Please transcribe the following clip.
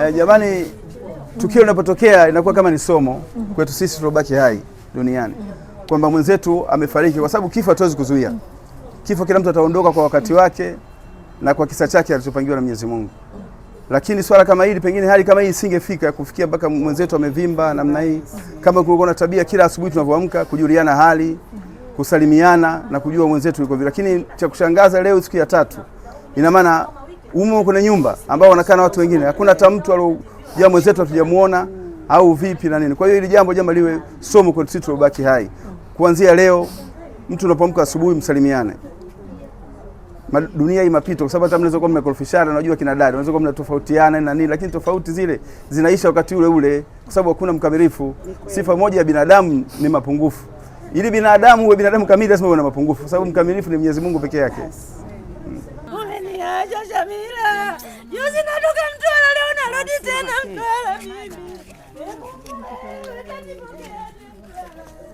Eh, jamani, tukio linapotokea inakuwa kama ni somo kwetu sisi tulobaki hai duniani kwamba mwenzetu amefariki, kwa sababu kifo hatuwezi kuzuia. Kifo kila mtu ataondoka kwa wakati wake na kwa kisa chake alichopangiwa na Mwenyezi Mungu. Lakini swala kama hili, pengine hali kama hii isingefika kufikia mpaka mwenzetu amevimba namna hii, kama kulikuwa na tabia kila asubuhi tunavyoamka kujuliana hali, kusalimiana na kujua mwenzetu yuko vipi. Lakini cha kushangaza leo siku ya tatu, ina maana umo kwenye nyumba ambao wanakaa na watu wengine, hakuna hata mtu aliyojaa mwenzetu hatujamuona au vipi na nini. Kwa hiyo ili jambo jambo liwe somo kwa sisi tulobaki hai. Kuanzia leo, mtu unapoamka asubuhi, msalimiane. Dunia hii mapito, kwa sababu hata mnaweza kuwa mmekorofishana, najua kina dada mnaweza kuwa mnatofautiana na nini, lakini tofauti zile zinaisha wakati ule ule, kwa sababu hakuna mkamilifu. Sifa moja ya binadamu ni mapungufu. Ili binadamu uwe binadamu kamili, lazima uwe na mapungufu, kwa sababu mkamilifu ni Mwenyezi Mungu peke yake cha Shamira. Juzi natoka Mtwara, leo narudi tena Mtwara mimi.